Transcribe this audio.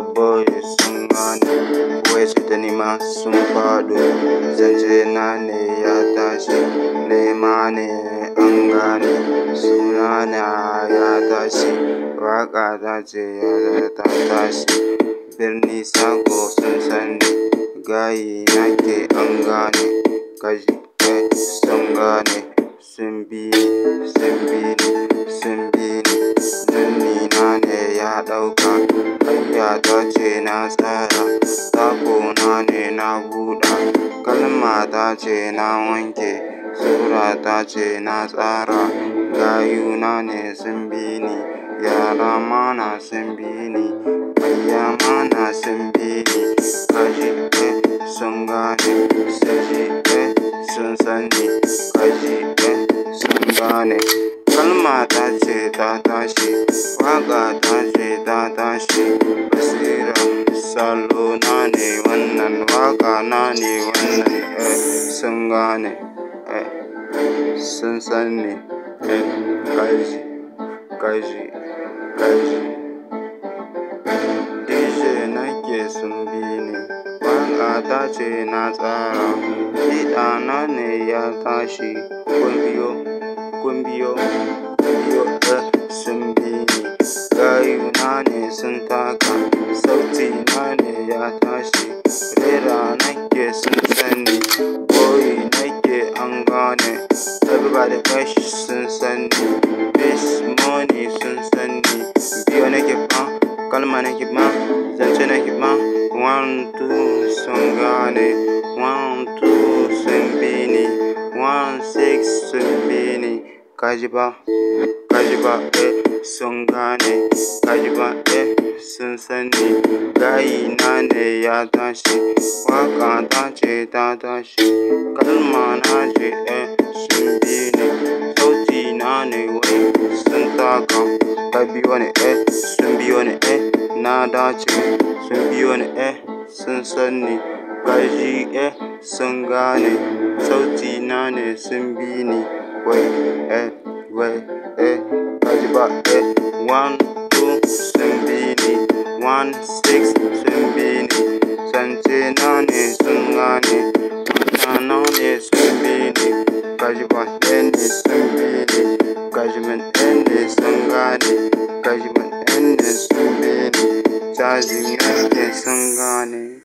boy sun gane wai su ta nima sun faɗo zance na ne ya tashi nema ne an gane suna na ya tashi waƙa ta ce ya ta tashi birni sako sun sani gayi ke an gane kaji eh, sun gane sun biyu. sun bi na tsaya na ne na buɗa kalma ta ce na wanke sura ta ce na tsara gayuna ne sun bi ni yara mana sun bi ni bayya sun bi ni kashe ta tashi basira salo na ne wannan waka na ne wannan eh, sun gane eh, sun san ne eh, kaji kaji kaji dj nake sun bi ne waka ta ce na tsara kiɗa na ne ya tashi kun biyo kun biyo ya tashi rera nake sun sani boy nake an gane everybody fresh sun sani miss money sun sani biyo nake ban kalma nake ban zance nake ban one two sun one two sun one six sun bini kaji e kaji ba eh 深深的在意那里呀东西，我感到其他东西，干嘛那些爱身边的，手机那里喂，身大高，代表我的爱，身边我的爱，那大钱，身边我的爱，深深的在意爱，身高呢，手机那里身边的喂，哎喂哎，大嘴巴哎，one two，身边。ni one six sumbini sanche nane sungani Tana ne sumbini Kajman ene sumbini Kajman ene sungani Kajman ene sumbini Chajin ene sungani